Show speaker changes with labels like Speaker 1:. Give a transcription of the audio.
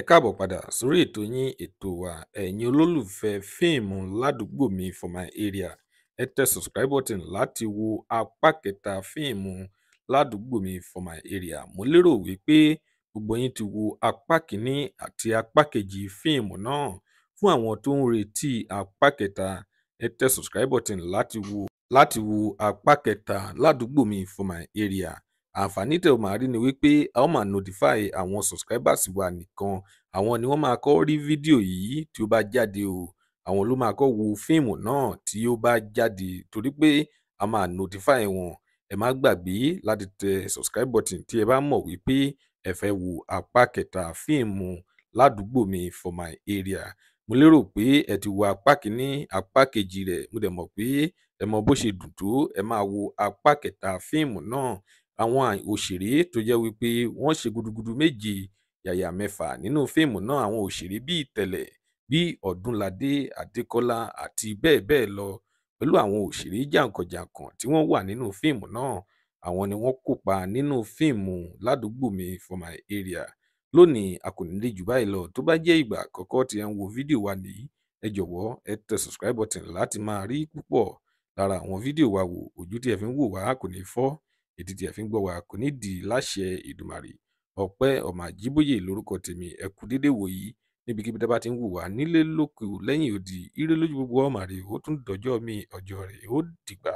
Speaker 1: Ẹ káàbọ̀ padà sórí ètò yín ètò wa ẹ̀yin olólùfẹ́ fíìmù ládùúgbò mi for my area ẹ tẹ subscribe button láti wo apá kẹta fíìmù ládùúgbò mi for my area mo lérò wípé gbogbo yín ti wo apá kìíní àti apá kejì fíìmù náà fún àwọn tó ń retí apá kẹta ẹ tẹ subscribe button láti wo láti wo apá kẹta ládùúgbò mi for my area àǹfààní tẹ ò máa rí ni wípé a ó máa notify àwọn subscribers wa nìkan àwọn ni wọ́n máa kọ́ rí fídíò yìí tí ó bá jáde o àwọn ló máa kọ́ wo fíìmù náà tí ó bá jáde torí pé a máa notify wọn ẹ má gbàgbé láti tẹ subscribe button tí ẹ bá mọ̀ wípé ẹ fẹ́ wo apá kẹta fíìmù ládùúgbò mi for my area mo lérò pé ẹ ti wo apá kínní apá kejì rẹ̀ mo dẹ̀ mọ̀ pé ẹ mọ bó ṣe dùn tó ẹ máa wo apá kẹta fíìmù náà àwọn òṣèré tó jẹ́ wípé wọ́n ṣe gudugudu méje yàyà mẹ́fà nínú fíìmù náà àwọn òṣèré bíi tẹ̀lẹ̀ bíi ọdúnládé adékọ́lá àti bẹ́ẹ̀ bẹ́ẹ̀ lọ pẹ̀lú àwọn òṣèré jàǹkànjàǹkàn tí wọ́n wà nínú fíìmù náà àwọn ni wọ́n kópa nínú fíìmù ládùúgbò mi for my area lónìí a kò ní lè jù báyìí lọ tó bá jẹ́ ìgbà àkọ́kọ́ tí ẹ ń wo fídíò wa nìyí ẹ jọ̀wọ́ ẹ tẹ subscribe button láti máa rí púpọ̀ lára àwọn fídíò wa wò ojú tí ẹ fi ń wò wá kò ní fọ́ ìdí tí wa kò ní di láṣẹ Èdùmàrè Ọpẹ́ Ọmọ Àjíbóyè lórúkọ tèmi ẹ kú dédé wòyí níbikíbi dábàá ti ń wù wá nílé lóko lẹ́yìn odi ire gbogbo ọmọ rè ó tún dọjọ́ mi ọjọ́ rẹ̀ ó dìgbà.